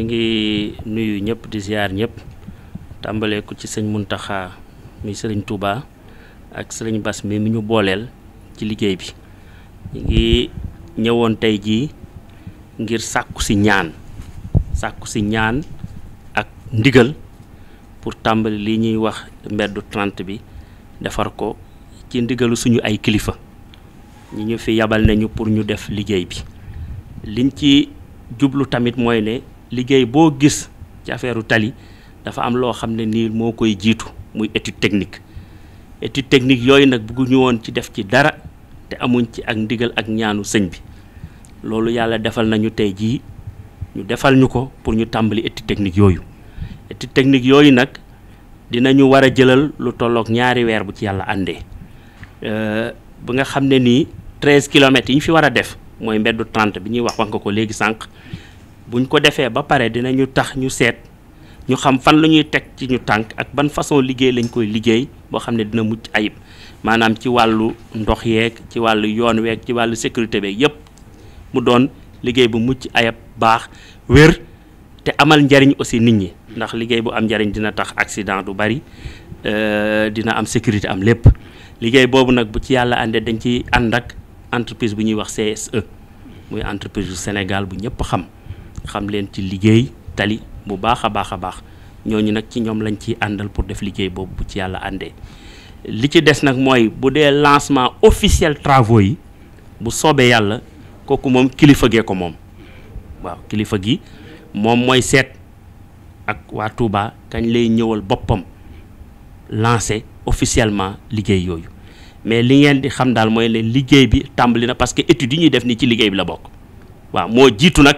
ñu ngi nuyu ñëpp di ziar ñëpp tàmbalee ko ci sëñ Muntaxa muy sëriñ Touba ak sëriñ Bas mi mi ñu booleel ci liggéey bi ñu ngi ñëwoon tey jii ngir sàkku si ñaan sàkku si ñaan ak ndigal pour tàmbali li ñuy wax mbeddu 30 bi defar ko ci ndigalu suñu ay kilifa ñi ñu fi yabal nañu pour ñu def liggéey bi liñ ci jublu tamit mooy ne liggéey boo gis ci affaire tali dafa am loo xam ne nii moo koy jiitu muy étude technique étude technique yooyu nag bëgguñu woon ci def ci dara te amuñ ci ak ndigal ak ñaanu sëñ bi loolu yàlla defal nañu tey jii ñu defal ñu ko pour ñu tàmbali étude technique yooyu étude technique yooyu nag dinañu war a jëlal lu tolloog ñaari weer bu ci yàlla àndee euh, bu nga xam ne nii treize kilomètres yi ñu fi war a def mooy mbeddu trente bi ñuy wax wax nga ko léegi sànq buñ ko defee ba pare dina ñu tax ñu seet ñu xam fan la ñuy teg ci ñu tànk ak ban façon liggéey lañ koy liggéey boo xam ne dina mucc ayib maanaam ci wàllu ndox yeeg ci wàllu yoon weeg ci wàllu sécurité beeg yépp mu doon liggéey bu mucc ayib baax wér te amal njariñ aussi nit ñi ndax liggéey bu am njariñ dina tax accident du bari euh, dina am sécurité am lépp liggéey boobu nag bu ci yàlla àndee dañ ci ànd ak entreprise bu ñuy wax CSE muy entreprise du Sénégal bu ñëpp xam xam leen ci liggéey tali bu baax a baax a baax ñooñu nag ci ñoom lañ ciy àndal pour def liggéey boobu bu ci yàlla àndee li ci des nag mooy bu dee lancement officiel travaux yi bu soobee yàlla kooku moom kilifa gee ko moom waaw kilifa gi moom mooy seet ak waa Touba kañ lay ñëwal boppam lancé officiellement liggéey yooyu mais li ngeen di xam daal mooy leen liggéey bi tàmbali na parce que étude yi ñuy def nii ci liggéey bi la bokk waaw moo jiitu nag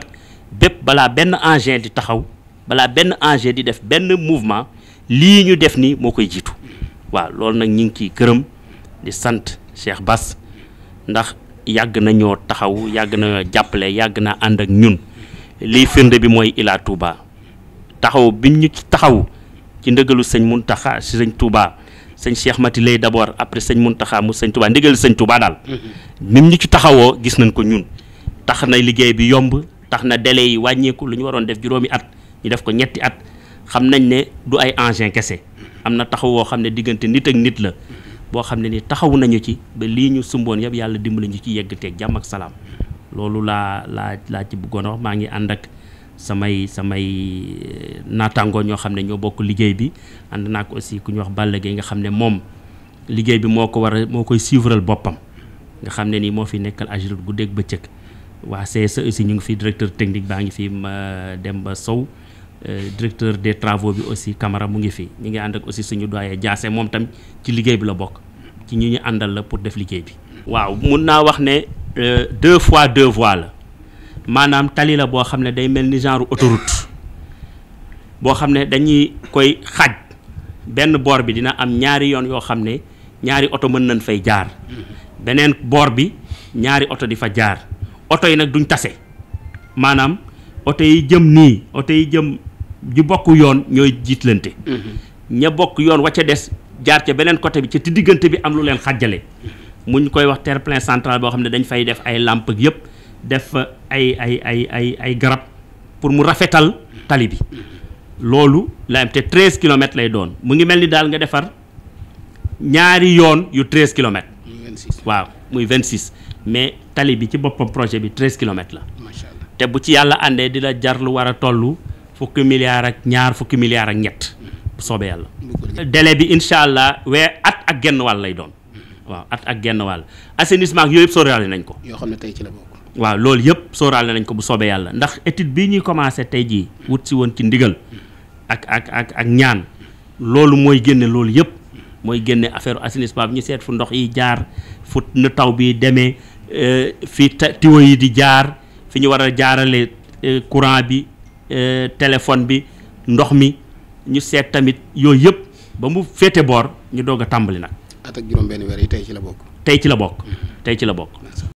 bépp balaa benn engin di taxaw balaa benn engin di def benn mouvement lii ñu def nii moo koy jiitu waaw loolu nag ñu ngi ciy gërëm di sant Cheikh Bass ndax yàgg na ñoo taxaw yàgg na jàppale yàgg naa ànd ak ñun lii firnde bi mooy Ila Touba taxaw biñ ñu ci taxaw ci ndëgalu sëñ Muntaxa si sëñ Touba sëñ Cheikh Mati lay d'abord après mun taxa mu sëñ Touba ndigal sañ Touba daal mhm. nim ñu ci taxawoo gis nañ ko ñun tax na liggéey bi yomb tax na délai yi wàññeeku lu ñu waroon def juróomi at ñu def ko ñetti at xam nañ ne du ay engin kese am na taxaw woo xam ne diggante nit ak nit la boo xam ne ni taxaw nañu ci ba lii ñu sumboon yëpp yàlla dimbali ñu ci yegg teeg salaam loolu laa laa laa ci bëggoon maa ngi ànd ak samay samay euh, naataangoo ñoo xam ne ñoo bokk liggéey bi ànd naa ko aussi ku ñu wax Balla Gaye nga xam ne moom liggéey bi moo ko war moo koy suivral boppam nga xam ne nii moo fi nekkal agirut guddeeg bëccëg waa CSE aussi ñu ngi fi directeur technique baa ngi fi Demba Sow euh, directeur de travaux bi aussi Camara mu ngi fi ñu ngi ànd ak aussi suñu doyen Diassé moom tam ci liggéey bi la bokk ci ñu ñu àndal la pour def liggéey bi. waaw mun naa wax ne euh, deux fois deux voies la maanaam tali la boo xam ne day mel ni genre autoroute boo xam ne dañuy koy xaaj benn boor bi dina am ñaari yoon yoo xam ne ñaari oto mën nañ fay jaar mm-hmm. beneen boor bi ñaari oto di fa jaar. oto yi nag duñ tase maanaam oto yi jëm nii oto yi jëm ju bokk yoon ñooy jiitlante mm-hmm. ña bokk yoon wa ca des jaar ce beneen côté bi ci ti diggante bi am lu leen xàjjale mm-hmm. mu ñu koy wax te plein central boo xam ne dañ fay def ay làmp yëpp def ay ay ay ay ay garab pour mu rafetal tali bi mm-hmm. loolu la am te 13 kilomètres lay doon mu ngi mel ni daal nga defar ñaari yoon yu 13 kilomètres waaw muy 26 mais tali bi ci boppam projet bi treize kilomètres la. macha te bu ci yàlla àndee di la jar lu war a toll fukki milliards ak ñaar fukki milliards ak ñett mm-hmm. bu soobee yàlla. incha allah wee at ak genn wàll lay doon. Mm-hmm. waaw at ak genn wàll assainissement yooyu yëpp sóoraale nañ ko. yoo xam ne tey ci la bokk. waaw loolu yëpp sóoraale nañ ko bu soobee yàlla ndax étude bii ñuy commencé tey jii wut si woon ci ndigal mm-hmm. ak ak ak ak ñaan loolu mooy génne loolu yëpp mooy génne affaire assainissement bi ñu seet fu ndox yi jaar fu na taw bii demee. E, fi tiwo yi di jaar fi ñu war a jaaralee courant bi e, téléphone bi ndox mi ñu seet tamit yooyu yëpp ba mu féete boor ñu doog a tàmbali nag. at ak juróom ci la bokk. tey ci la bokk tey ci la bokk. Mm-hmm.